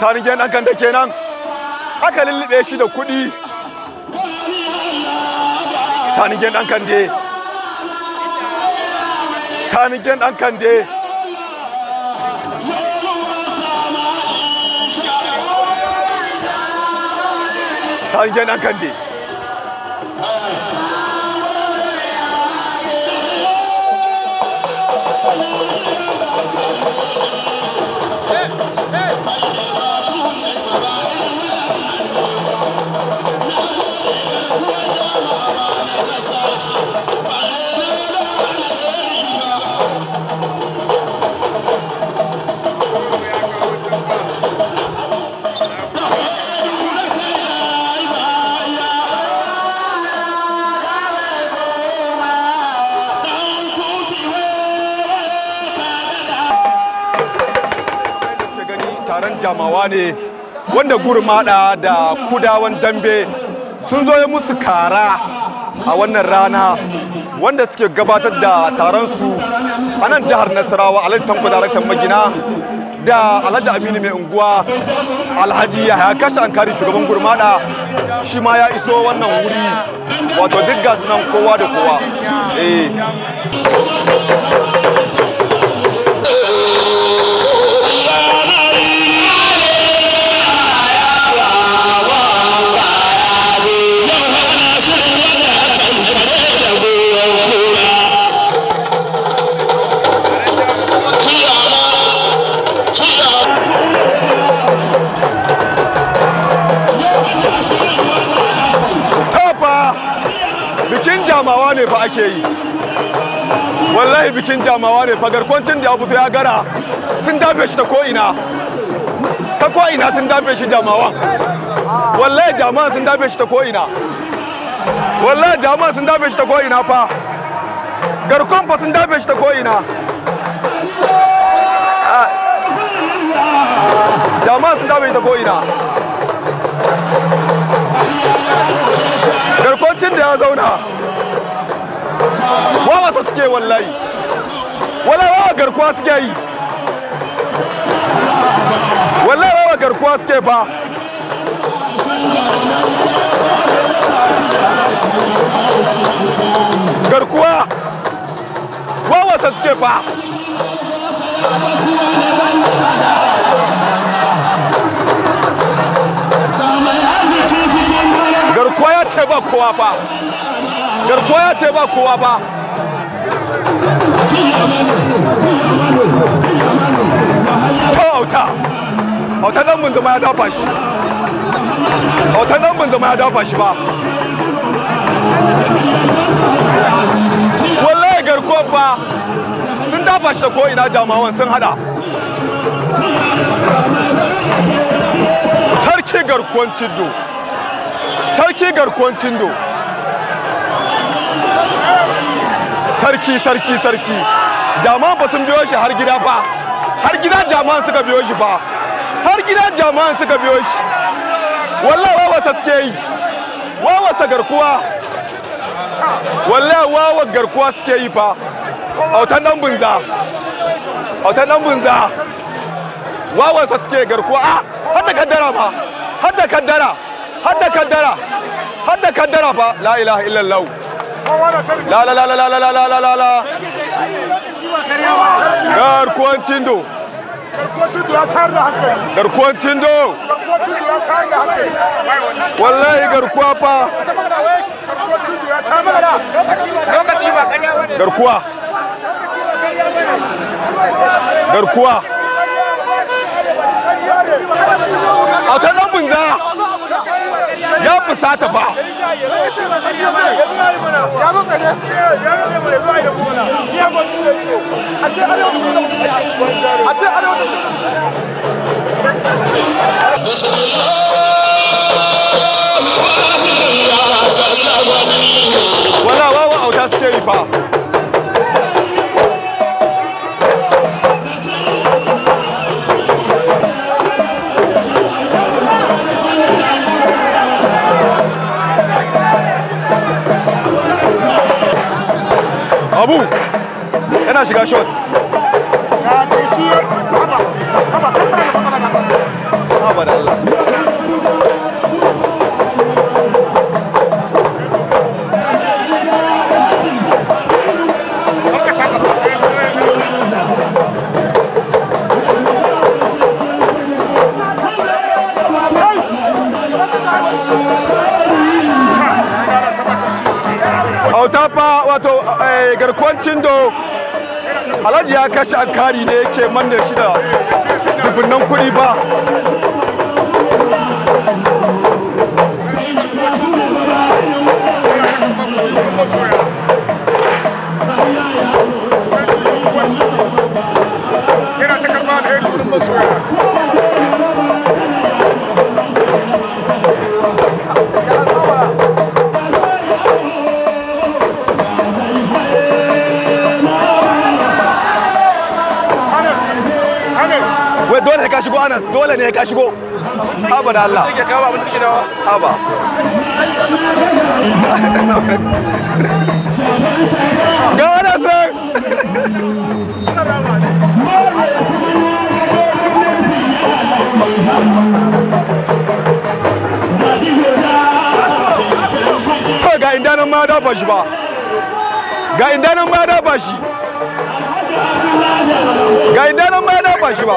sani gen kan da kenan aka lullube shi da kudi sani gen ɗan kande sani gen ɗan kande sani gen ɗan kande Thank you. ne wanda gurmada da kudawan dambe sun zo musu kara a wannan rana wanda suke gabatar da taron su a nan jihar nasarawa alhaji tanko daraktan magina da alhaji aminu mai unguwa alhaji yahaya kashi an shugaban gurmada shi ma ya iso wannan wuri wato duk gasu nan kowa da kowa eh cikin jamawa ne kwancin da ya ya gara sun dafe shi ta ko'ina ta ko'ina sun dafe shi jamawa wallahi jama'a sun dafe shi ta ko'ina wallahi jama'a sun dafe shi ta ko'ina fa garkon fa sun dafe shi ta ko'ina jama'a sun dafe shi ta ko'ina cin da ya zauna wa masa suke wallahi wallahi rawa garkuwa suke yi wallahi rawa garkuwa suke fa garkuwa wawasa suke fa garkuwa ya ce ba kowa fa garkuwa ya ce ba kowa fa autan nan mun zama ya dafa shi autan nan mun zama ya dafa shi ba wallahi garkuwar ba sun dafa shi ko ina jamawan sun hada sarki garkuwan cindo sarki garkuwan cindo sarki sarki sarki jama'an ba sun biyo shi har gida ba har gida jama'an suka biyo shi ba har gida jama'an suka biyo shi wallahi wawa suke yi wawa sa garkuwa wallahi wawa garkuwa suke yi fa autan dan bunza autan dan bunza wawa sa suke garkuwa a ah, har da kaddara ba har da kaddara har da kaddara har da kaddara fa la ilaha illallah la la la la la la la la la garkuwan cindo garkuwan cindo wallahi garkuwa fa garkuwa garkuwa a ta nan bunza fusata ba wala wawa auta suke yi fa abu yana shiga shot mai garkuwan cindo alhaji ya kashe an kari ne yake da shi da dubunnan kuɗi ba da Allah kawo abin da da haba ga wani sai to ga ma ba ga inda ma ga ma ba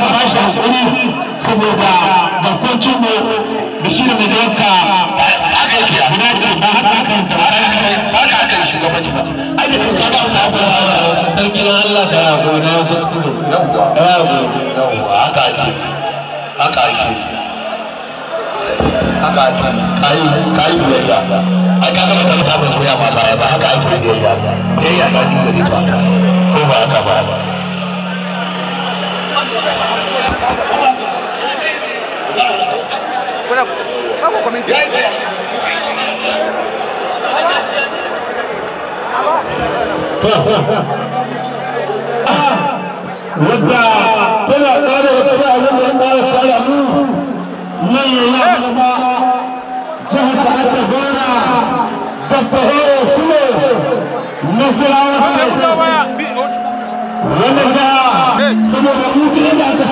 ka ba shi hankuri saboda barkwancin mu da shi da mai da yanka ba haka kan ba ka shugabanci ba ai da kanka da ka sarki na Allah ka gona kuskuzo haka ake haka ake haka ake kayi kayi biyayya ai ka gama tabbata bai koya ma baya ba haka ake biyayya biyayya na dinga ne ta ko ba haka ba Quando acabou com a mentira. Wanda tana ƙara wata abin da ƙara ƙara mu nan ya zama jihar da aka gona da fahimta su ne nasirawa su ne wanda jihar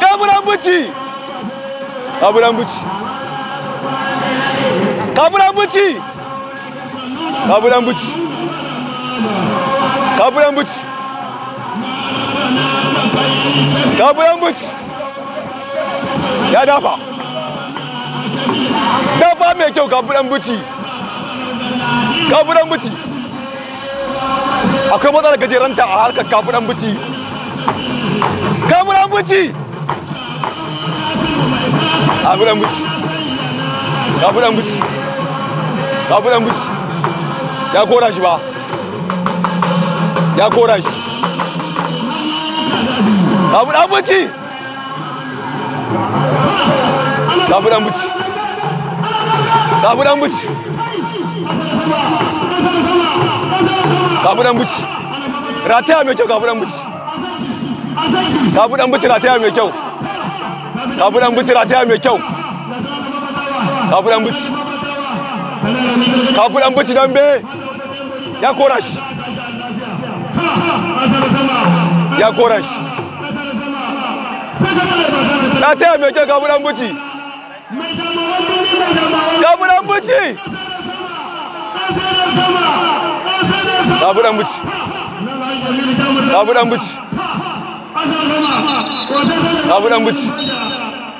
Ga buci? Ga buci? Ga buci? Ga buci? Ga buci? Ga burambuci! Ya dafa! Dafa mai kyau ga buci Ga buci Akwai matsalar gajeranta a harkar kafuran buci. Kamuran buci! Ga budan buci. Ga budan buci. buci. Ya kora ba. Ya kora shi. Ga budan buci. Ga buci. Ga budan buci. Ga budan buci. Rataya mai kyau ga budan buci. buci rataya mai kyau. kafin an buci rataya mai kyau. Kafu dan buci. Kafu dan buci dambe. Ya kora shi. Ya kora shi. Rataya mai kyau kafin an buci. kafin an buci. kafin an buci. kafin an buci. kafin an buci.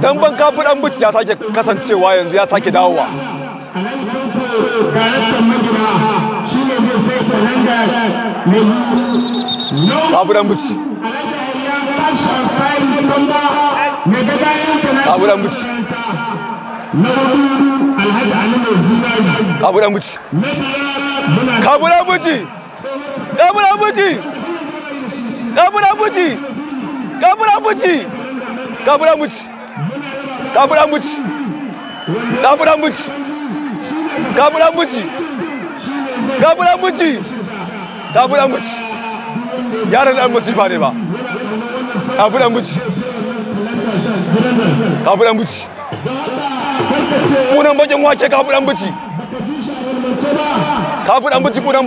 damban kafin dan ya sake kasancewa yanzu ya sake dawowa Babu dan bici. Babu dan buci. Babu dan bici. Babu dan buci. kabura muci kabura muci kabura muci kabura muci kabura muci kabura muci kabura muci kabura muci yaran dan musifa ne ba kabura muci kabura muci kunan bakin wace kabura muci kabura muci kunan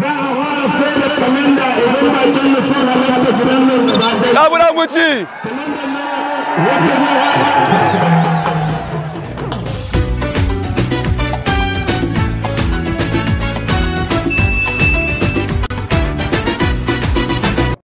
za a fara sai da kalanda idan bakin mu sun gidan nan